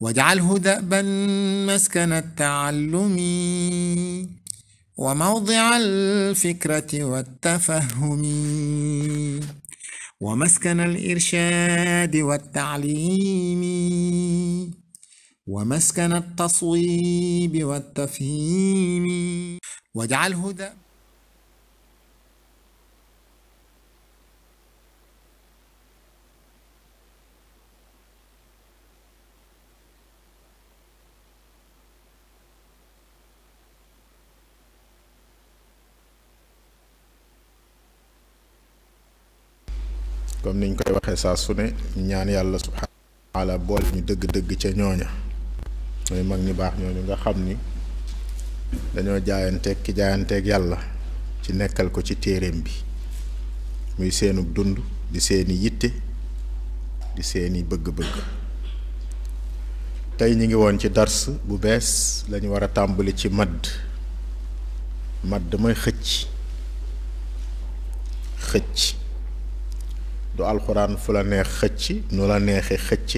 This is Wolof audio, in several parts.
واجعله دأبا مسكن التعلم وموضع الفكرة والتفهم ومسكن الإرشاد والتعليم ومسكن التصويب والتفهيم واجعله دأبا comme niñ koy waxee saa su ne ñaan yàlla subhaanahu wa taala ñu dëgg-dëgg ca ñooña mooy mag ñi baax ñooñu nga xam ni dañoo jaayanteeg ki jaayanteeg yàlla ci nekkal ko ci téereem bi muy seenu dund di seeni yitte di seeni bëgg-bëgg tey ñu ngi woon ci dars bu bees lañu war a tàmbali ci madd madd mooy xëcc xëcc du alxuraan fu la neex xëcc nu la neexee xëcc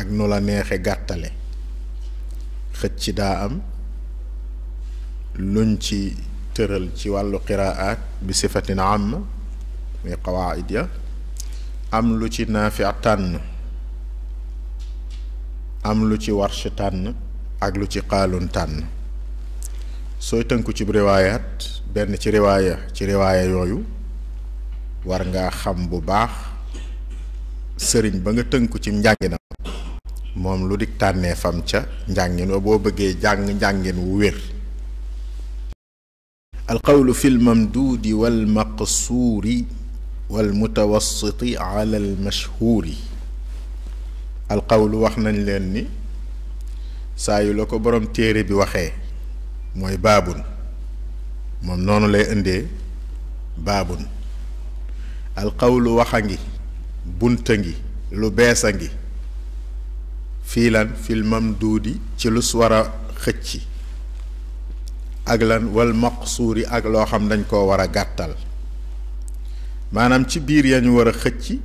ak nu la neexe gàttale xëcc daa am luñ ci tëral ci wàllu qiraat bi sifatin am muy qawaid ya am lu ci naafi tànn am lu ci warsh tànn ak lu ci xaalun tànn sooy tënku ci riwaayaat benn ci riwaaya ci riwaaya yooyu war ngaa xam bu baax sëriñ ba nga tënku ci njànginam moom lu dik tànnee fam ca njàngin wa boo bëggee jàng njàngin wu wér alqawlu fi lmamduudi walmaqsuuri walmutawassiti ala almashhuuri alxawlu wax nañ leen ni saa yu la ko boroom téere bi waxee mooy baabun moom noonu lay indee baabun alqawlu wax a ngi bunt ngi lu bees a ngi fii lan fil mamduudi ci lus war a xëcc ak lan wal suuri ak loo xam dañ koo war a gàttal maanaam ci biir yañu war a xëcc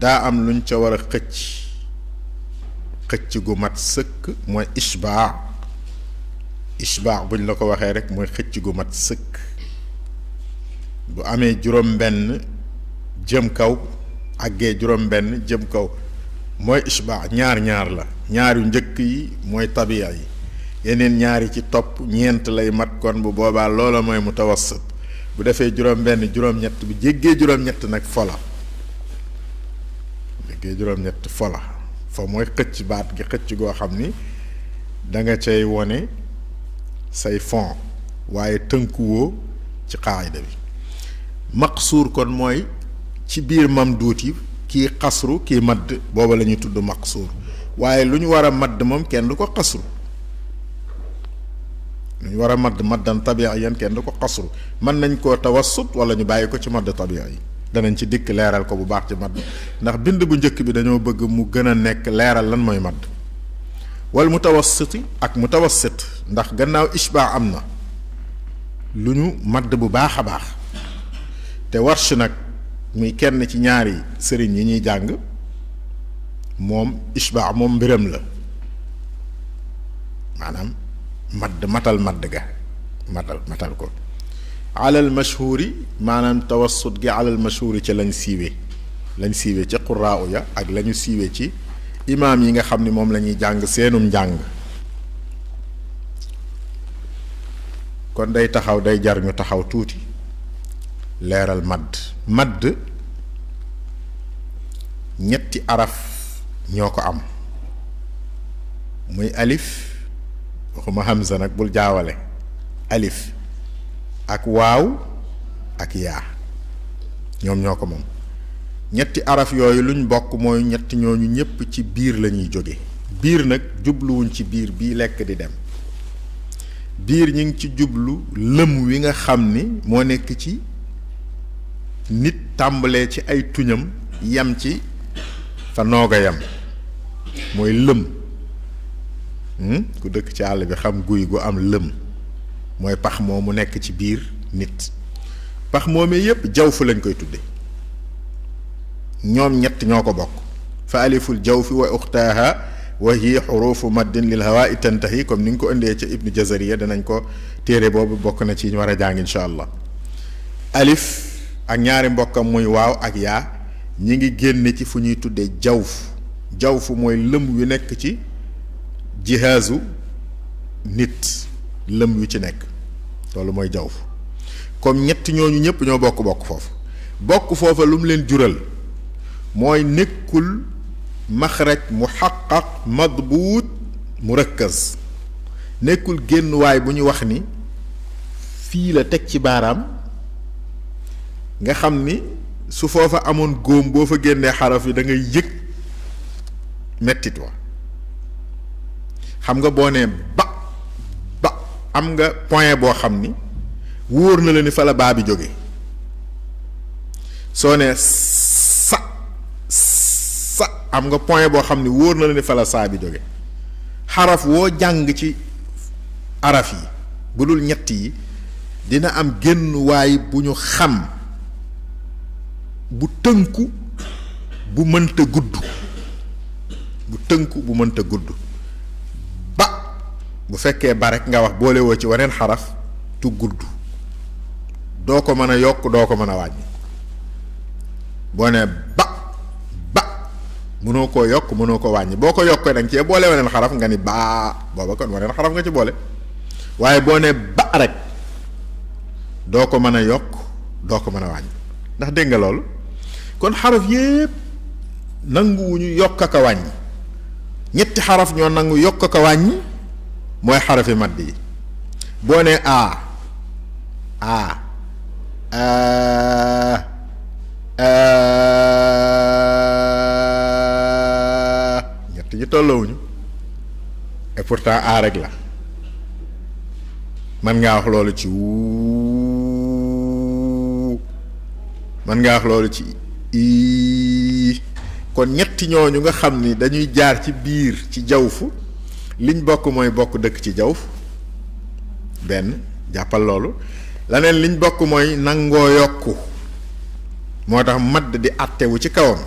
daa am luñ ca war a xëcc xëcc gu mat sëkk mooy ishbaa ishbaa buñ la ko waxee rek mooy xëcc gu mat sëkk bu amee juróom benn jëm kaw àggee juróom-benn jëm kaw mooy isbaa ñaar ñaar la ñaar njëkk yi mooy tabiya yi yeneen ñaar yi ci topp ñeent lay mat kon bu boobaa loola mooy mutawassat bu defee juróom-benn juróom-ñett bu jéggee juróom-ñett nag fola jéggee fola fa mooy xëcc baat gi xëcc goo xam ni danga nga cay wone say fond waaye tënkuwoo ci xaayda bi maqsuur kon mooy ci biir mam duuti kii xasru kii madd booba lañuy tudd tudd maqsuur waaye lu ñu war a madd moom kenn du ko xasru lu ñu war a madd maddan tabiiyan kenn du ko xasru mën nañ koo tawassut wala ñu bàyyi ko ci madd yi danañ ci dikk leeral ko bu baax ci madd ndax bind bu njëkk bi dañoo bëgg mu gën a nekk leeral lan mooy madd wal mutawassiti ak mu mutawassit ndax gannaaw ishbaa am na lu ñu madd bu baax a baax te warsh nag muy kenn ci ñaari sëriñ yi ñuy jàng moom ishbaa moom mbiram la maanaam madd matal madd matal matal ko alal mashhuuri maanaam tawassut gi alal mashhuuri ca lañ siiwee lañ siiwee ca quraaw ya ak lañu siiwee ci imaam yi nga xam ni moom lañuy jàng seenum njàng kon day taxaw day jar ñu taxaw tuuti leeral madd madd ñetti araf ñoo ko am muy alif waxuma hamza nag bul jaawale alif ak waaw ak yaa ñoom ñoo ko moom ñetti araf yooyu luñ bokk mooy ñetti ñooñu ñépp ci biir lañuy jóge biir nag jubluwuñ ci biir bii lekk di dem biir ñu ngi ci jublu lëm wi nga xam ni moo nekk ci nit tàmbalee ci ay tuñam yam ci fa nooga yam mooy lëm hmm? ku dëkk ci àll bi xam guy gu am lëm mooy pax mu nekk ci biir nit pax moomee yépp jaw fu lañ koy tudde ñoom ñett ñoo ko bokk fa aliful jaw fi wa uxtaaha wa hiya xurufu maddin lil hawaa'i tantahi comme ni nga ko indee ca ibnu jazariya danañ ko téere boobu bokk na ci ñu war a jàng incha allah alif ak ñaari mbokkam muy waaw ak yaa ñi ngi génn ci fu ñuy tuddee jawf jawf mooy lëm yu nekk ci jihaasu nit lëm yu ci nekk loolu mooy jawf comme ñett ñooñu ñëpp ñoo bokk bokk foofu bokk foofa lu mu leen jural mooy nekkul maxraj mu xaqaq madbuut mu rëkkës nekkul génn waay bu ñu wax ni fii la teg ci baaraam nga xam ni su foofa amoon góom boo fa génnee xaraf yi dangay ngay yëg mettit wa xam nga boo nee ba ba boo xam ni wóor na la ni fa bi jóge soo nee sa sa am nga point boo xam ni wóor na la ni fa la saa bi jóge xaraf woo jàng ci araf yi bu dul ñett yi dina am génn waay bu ñu xam bu tënku bu mënta gudd bu tënku bu mënta gudd ba bu fekkee ba rek nga wax boole woo ci waneen xaraf tu gudd doo ko mën a yokk doo ko mën a wàññi boo nee ba ba mënoo koo yokk mënoo ko wàññi boo ko yokkee da nga cee boole waneen xaraf nga ni baa booba kon waneen xaraf nga ci boole waaye boo nee ba rek doo ko mën a yokk doo ko mën a wàññi ndax dégg nga loolu kon xaraf yépp nanguwuñu yokk ak a ñetti xaraf ñoo nangu yokk ak a wàññi mooy xarafi madd yi boo nee a a ñett ñu tollowuñu et pourtant a la man ngaa wax loolu ci wuu man ngaa wax loolu ci kon ñetti ñoo ñooñu nga xam ni dañuy jaar ci biir ci jawfu liñ bokk mooy bokk dëkk ci jawf benn jàppal loolu laneen liñ bokk mooy nangoo yokku moo tax madd di àttewu ci kawam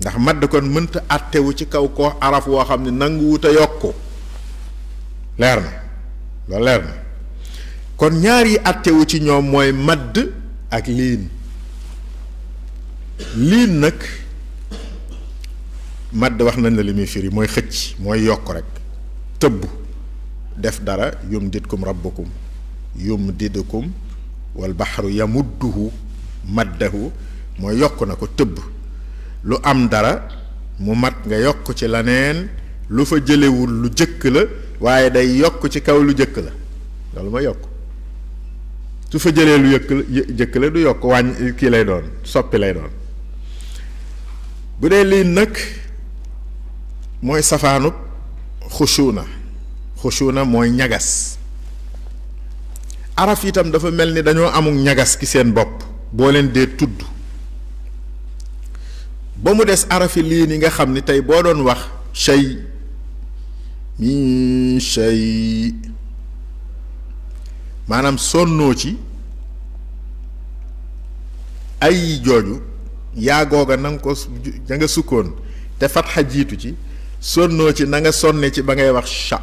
ndax madd kon mënt àttewu ci kaw koo araf woo xam ne nanguwut yokku leer na loolu leer na kon ñaar yi àttewu ci ñoom mooy madd ak liin lii nag madd wax na ne li muy firi mooy xëcc mooy yokk rek tëbb def dara yum ditkum rabbukum yum didukum wal baxaru yamudduhu maddahu mooy yokk na ko tëbb lu am dara mu mat nga yokk ci leneen lu fa jëlewul lu jëkk la waaye day yokk ci kaw lu jëkk la lu ma yokk su fa jëlee lu yëkk la du yokk wàññ kii lay doon soppi lay doon bu dee lii nag mooy safaanub xushuna xushuna mooy ñagas araf itam dafa mel ni dañoo amul ñagas ki seen bopp boo leen dee tudd ba mu des arafi lii yi nga xam ni tey boo doon wax shay min shay maanaam sonnoo ci ay jooju yaa googa na nga ko na sukkoon te fatxa jiitu ci sonnoo ci nanga nga sonne ci ba ngay wax sha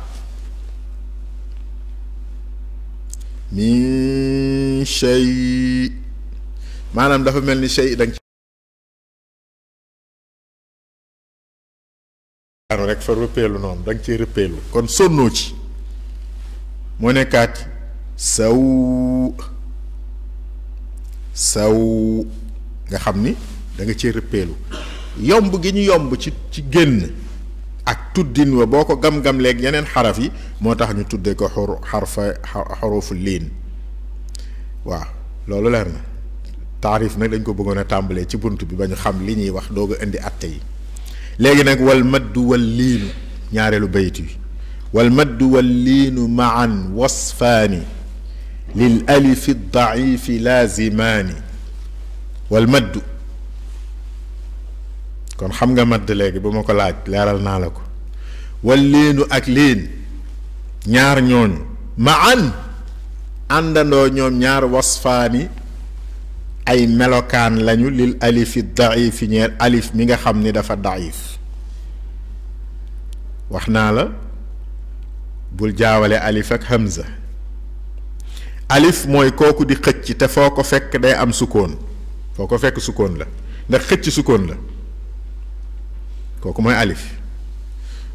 min shay maanaam dafa mel ni shay danga ci rek fa rëppeelu noonu danga ciy rëppeelu kon sonnoo ci mu nekkaat saw saw nga xam ni danga nga cee yomb gi ñu yomb ci ci génn ak tuddin wa boo ko gam-gam leeg yeneen xaraf yi moo tax ñu tuddee ko xor xarfa liin waaw loolu leer na taarif nag dañ ko bëggoon a tàmbalee ci bunt bi ba ñu xam li ñuy wax doog indi atte yi léegi nag wal maddu wal liinu ñaareelu bayit wi wal maddu wal liinu ma wasfaani lil alifi daifi laazimaani wal maddu kon xam nga madd léegi bu ma ko laaj leeral naa la ko wal ak liin ñaar ñooñu ma an àndandoo ñoom ñaar wasfaani ay melokaan lañu lil alifi daifi ñeer alif mi nga xam ni dafa daif wax naa la bul jaawale alif ak hamza alif mooy kooku di xëcc te foo ko fekk day am sukkoon foo ko fekk sukkoon la ndax xëcc sukkoon la kooku mooy alif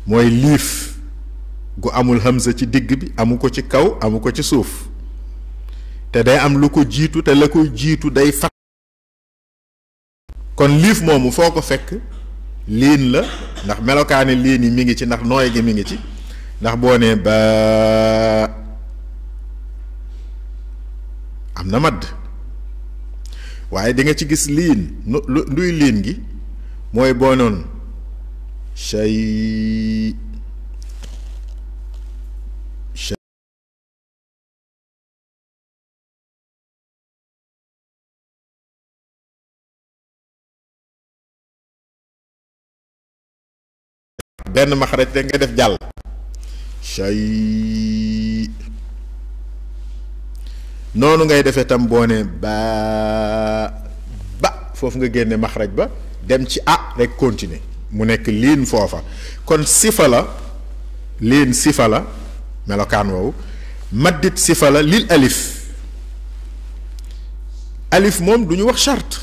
mooy liif gu amul xamsa ci digg bi amu ko ci kaw amu ko ci suuf te day am lu ko jiitu te la ko jiitu day fat kon liif moomu foo ko fekk liin la ndax melokaani liin yi mi ngi ci ndax nooy gi mi ngi ci ndax boo nee am na madd waaye di ci gis liin luy liin gi mooy boo say benn maxaraj rek nga def jàll shay noonu ngay defee tam boone ne ba ba foofu nga génne maxaraj ba dem ci a rek continuer mu nekk liin foofa kon sifa la liin sifa la melokaan wow maddit sifa la lil alif alif moom du wax charte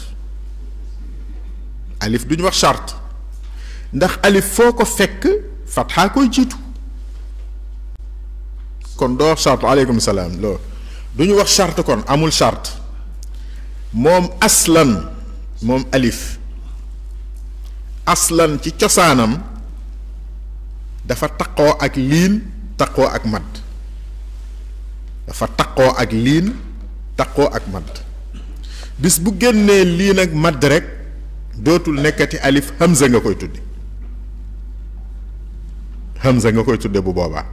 alif du wax charte ndax alif foo ko fekk fatxaa koy jiitu kon doo wax charte aleykum salaam loolu du wax charte kon amul charte moom aslan moom alif aslan ci cosaanam dafa taqoo ak liin taqoo ak madd dafa taqoo ak liin taqoo ak madd bis bu génnee liin ak madd rek dootul nekkati alif hamza nga koy tudde hamza nga koy tudde bu boobaa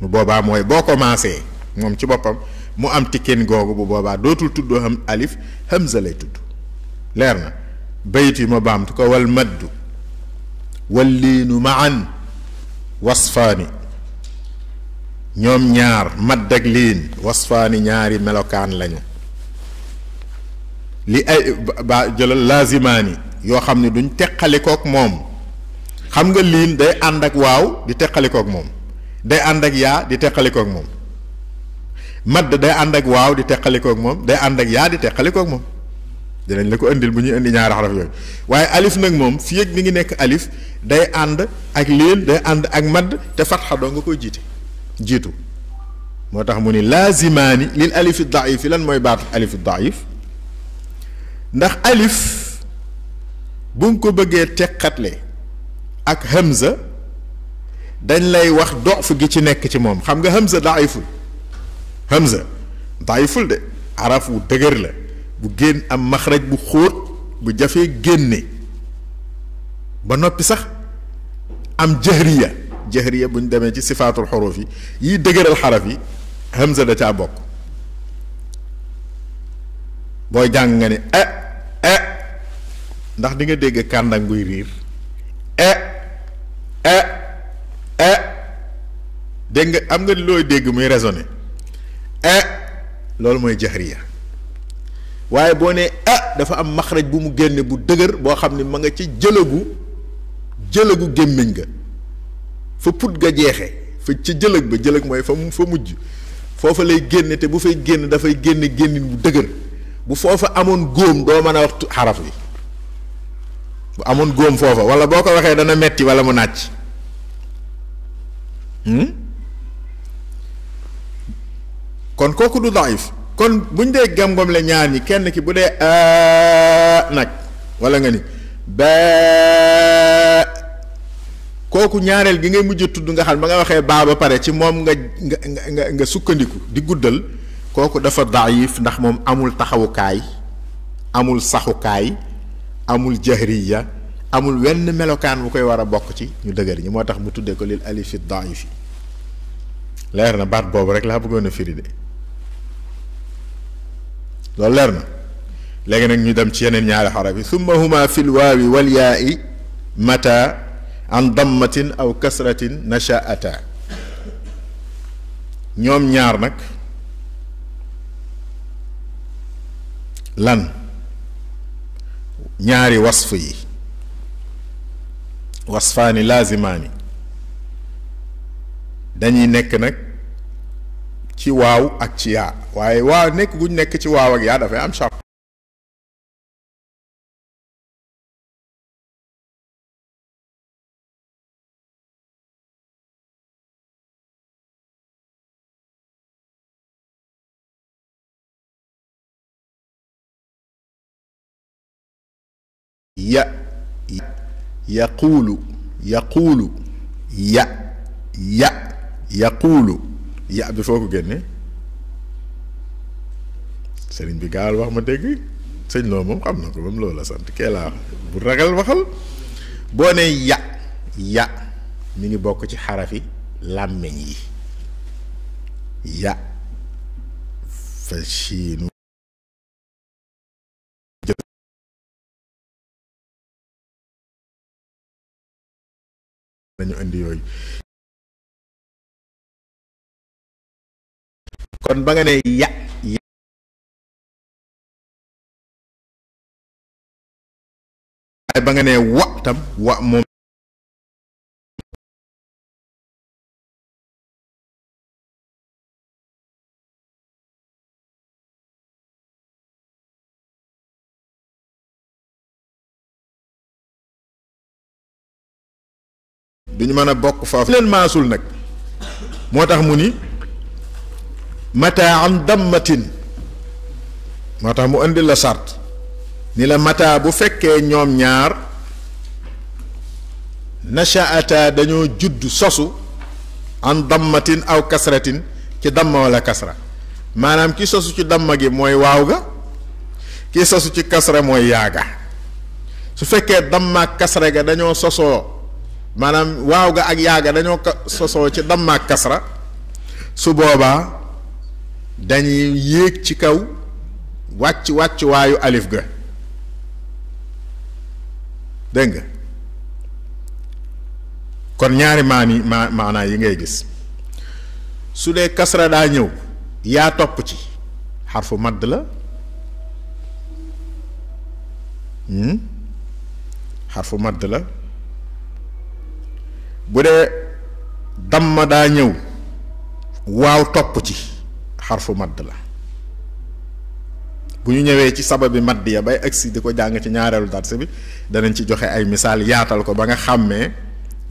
bu boobaa mooy boo commencé moom ci boppam mu am tikkeen googu bu boobaa dootul tuddoo alif hamza lay tudd leer na bayt yi ma baamtu ko wal maddu ma maan wasfaani ñoom ñaar madd ak liin wasfaani ñaari melokaan lañu li ay ba jëlal laazimaani yoo xam ne duñ teqalikook moom xam nga liin day waaw di teqalikook moom day ànd yaa di teqalikook moom madd day ànd ak waaw di teqalikook moom day ànd ak yaa di teqalikook moom dinañ la ko indil bu ñuy indi ñaari xaraf yooyu waaye alif nag moom fii ak mi ngi nekk alif day ànd ak liin day ànd ak madd te fatxa nga koy jiite jiitu moo tax mu ni laazimaani lil alifi daif lan mooy baat alifi daif ndax alif bu nga ko bëggee teqatle ak hamza dañ lay wax dof gi ci nekk ci moom xam nga hamza daiful hamza daiful de araf wu dëgër la bu génn am maxraj bu xóot bu jafee génne ba noppi sax am jahriya jahriya bu demee ci sifaatul xuruf yi yiy dëgëral xaraf yi hamza da caa bokk booy jàng nga ni e e ndax di dégg kàndang guy riir e e e dégg nga am nga looy dégg muy raisonné e loolu mooy jahriya waaye boo nee a ah, dafa am maxraj bu mu génne bu dëgër boo xam ne mu nga ci jëlëgu jëlëgu gémmiñ ga fa put ga jeexe fa ci jëlëg ba jëlëg mooy fa mu fa mujj foofa lay génne te bu fay génn dafay génne génnin bu dëgër bu foofa amoon góom doo mën a wax xaraf wi bu amoon góom foofa wala boo ko waxee dana metti wala mu nàcc hmm? kon kooku du daif kon bu ñu dee gam-gam ñaar ñi kenn ki bu dee nag wala nga ni ba kooku ñaareel gi ngay mujj tudd nga xam ba nga waxee baa ba pare ci moom nga nga nga sukkandiku di guddal kooku dafa daayif ndax moom amul taxawukaay amul saxukaay amul jahriya amul wenn melokaan bu koy war a bokk ci ñu dëgër ñi moo tax mu tuddee ko lil alifi daayif yi leer na baat boobu rek laa bëggoon a firi de loolu leer na léegi nag ñu dem ci yeneen ñaari xaraf yi summa huma fil waawi wal yaa i mata an dammatin aw kasratin nashaata ñoom ñaar nag lan ñaari wasf yi wasfaani laazimaani dañuy nekk nag ci waaw ak ci yaa waaye waaw nekk guñ nekk ci waaw ak yaa dafay am charte ya yaquulu yaquulu ya ya yaquulu ya bi foo ko génne sëriñ bi gaawal wax ma dégg sëñ loo moom xam na ko moom loolu la sant kee bu ragal waxal boo nee ya ya mi ngi bokk ci xarafi làmmiñ yi ya fa kon ba nga ne ya ba nga ne wa tam wa moom duñu mën a bokk foofu leen maasul nag moo tax mu ni mataa am dammatin moo tax mu indi la sart ni la mataa bu fekkee ñoom ñaar nashaata dañoo judd sosu an dammatin aw kasratin ci damma wala kasra maanaam ki sosu ci damma gi mooy waaw ga ki sosu ci kasra mooy yaaga su fekkee damma kasra ga dañoo sosoo maanaam waaw ga ak yaaga dañoo sosoo ci damma kasra su boobaa dañuy yéeg ci kaw wàcc wàcc waayu alif ga dégg kon ñaari maan yi ma yi ngay gis su dee kasra daa ñëw yaa topp ci xarfu madd la hmm? xarfu madd la bu dee damma daa ñëw waaw topp ci xarfu madd la bu ñu ñëwee ci sababi madd ya bay agsi di ko jàng ci ñaareelu darse bi danañ ci joxe ay misaal yaatal ko ba nga xàmmee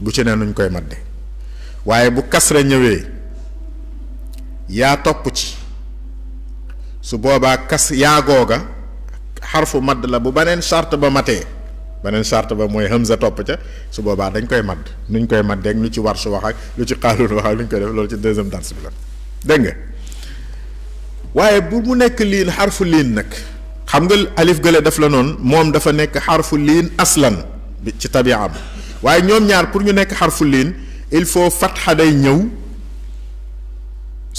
bu ci ne nuñ koy madde waaye bu kasra ñëwee yaa topp ci su boobaa kas yaa googa xarfu madd la bu beneen chart ba matee beneen charte ba mooy hamza topp ca su boobaa dañ koy madd nuñ koy maddeeg lu ci war su wax ak lu ci xaalul wax ak lu ñu koy def loolu ci deuxième darse bi la dégg nga waaye bu mu nekk liin xarfu liin nag xam nga alif gële daf la noon moom dafa nekk xarfu liin aslan ci tabiaam waaye ñoom ñaar pour ñu nekk xarfu liin il faut fatxa day ñëw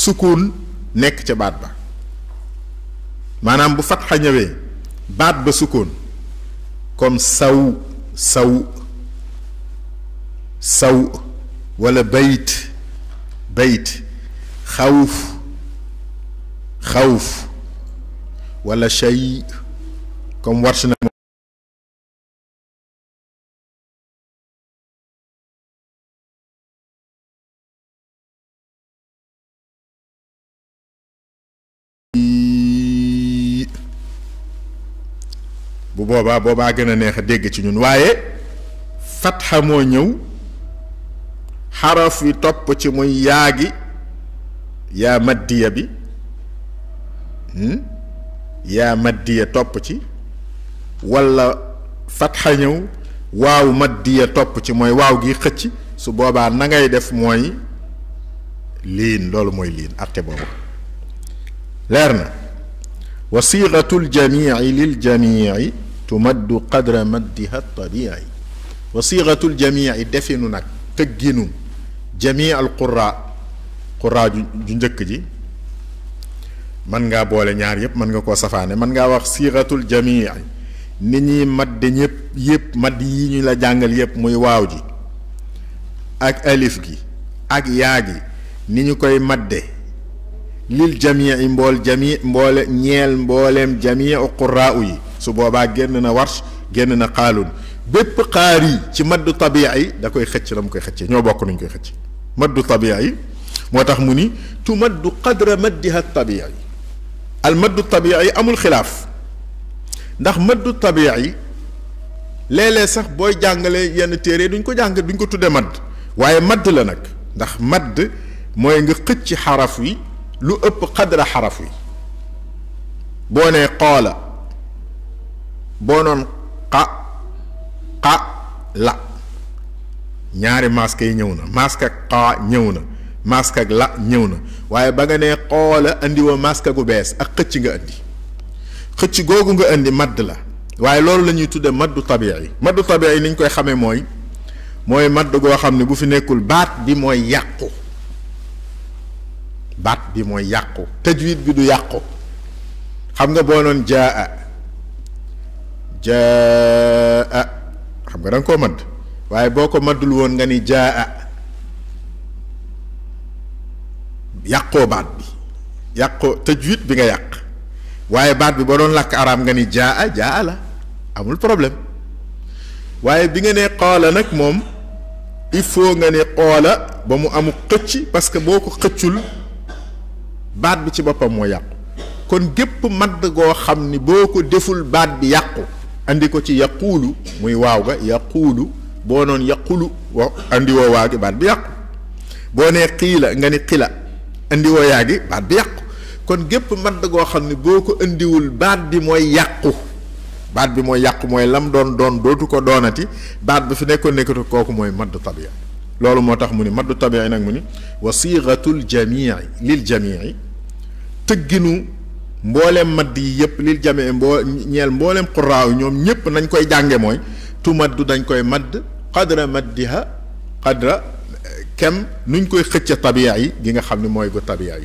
sukuun nekk ca baat ba maanaam bu fatxa ñëwee baat ba sukoon comme saw saw saw walla bayt bayt xawf xaw wala shay comme warsh na bu boobaa boobaa gën a neex a dégg ci ñun waaye fatxa moo ñëw xaraf yi topp ci muy yaagi yaa maddiya bi Hmm? yaa maddiya topp ci wala fatxa ñëw waaw maddiya topp ci mooy waaw gi xëcc su boobaa nangay def mooy liin loolu mooy liin atte boobu leer na wa siixatu ljamici liljamici tumaddu qadra maddiha tabici wa siixatu ljamici definu nag tëgginu jamii al quraa quraa ju njëkk ji man ngaa boole ñaar yëpp mën nga koo safaane mën ngaa wax siixatul jamii nit ñi mat madde ñëpp yëpp madd yi ñu la jàngal yëpp muy waaw ji ak alif gi ak yaa gi ni ñu koy mat madde lil jamii mbool jamii mboole ñeel mbooleem jamii quraa yi su boobaa génn na warsh génn na xaalun bépp xaar yi ci maddu tabiia yi da koy xëcc la mu koy xëcce ñoo bokk nañ koy xëcc maddu tabiia yi moo tax mu ni tu maddu qadra maddiha tabiia yi al maddu tabi'i amul xilaaf ndax maddu tabi'i léeg-léeg sax booy jàngale yenn téere duñ ko jàng duñ ko tuddee madd waaye madd la nag ndax madd mooy nga xëcc xaraf wi lu ëpp xadra xaraf wi boo nee xoola boo noon xa xa la ñaari masque yi ñëw na masque xaa ñëw na masque ak la ñëw na waaye ba nga nee xoola andi woo masque gu bees ak xëcc nga andi xëcc googu nga indi madd la waaye loolu la ñuy tuddee maddu tabi'i maddu tabi'i ni ñu koy xamee mooy mooy madd goo xam ne bu fi nekkul baat bi mooy yàqu baat bi mooy yàqu tajwid bi du yàqu xam nga boo noon jaa jaa xam nga da nga koo madd waaye boo ko maddul woon nga ni jaa yàqoo baat bi yàqoo tajwid bi nga yàq waaye baat bi ba doon làkk araam nga ni jaa a jaa la amul problème waaye bi nga nee xoola nag moom il faut nga ne xoola ba mu amu xëcc parce que boo ko xëccul baat bi ci boppam moo yàqu kon gépp madd goo xam ni boo ko deful baat bi yàqu indi ko ci yaquulu muy waaw ga yaquulu boo noon yaqulu wa andi woo waa gi baat bi yàqu boo nee xiila nga ni xila indiwoo yaa gi baat bi yàqu kon gépp madd goo xam ne boo ko indiwul baat bi mooy yàqu baat bi mooy yàqu mooy lam doon doon dootu ko doonati baat bi fi nekkoon nekkatu kooku mooy madd tabia loolu moo tax mu ni maddu tabii nag mu ni wa siixatul jamii lil jamii tëgginu mboolem madd yi yëpp lil jamii mboo ñeel mbooleem xuraaw ñoom ñëpp nañ koy jànge mooy tu maddu dañ koy madd qadra maddiha qadra kem nuñ koy xëcca tabiya yi gi nga xam ne mooy gu tabiya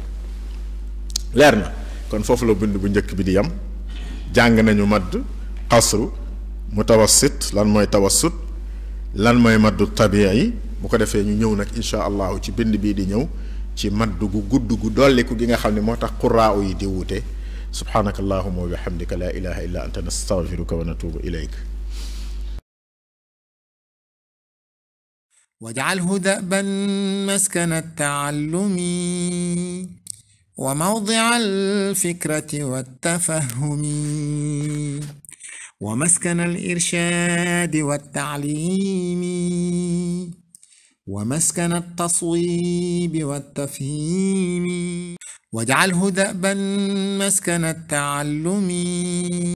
leer na kon foofu la bind bu njëkk bi di yam jàng nañu madd xasru mutawassit lan mooy tawassut lan mooy maddu tabiya yi bu ko defee ñu ñëw nag incha allah ci bind bii di ñëw ci madd gu gudd gu dolliku gi nga xam ne moo tax quraaw yi di wuute subhaanaka allahuma wa bihamdika la ilaha illa anta nastaghfiruka wa natubu ilayk واجعله دأبا مسكن التعلم وموضع الفكرة والتفهم ومسكن الإرشاد والتعليم ومسكن التصويب والتفهيم واجعله دأبا مسكن التعلم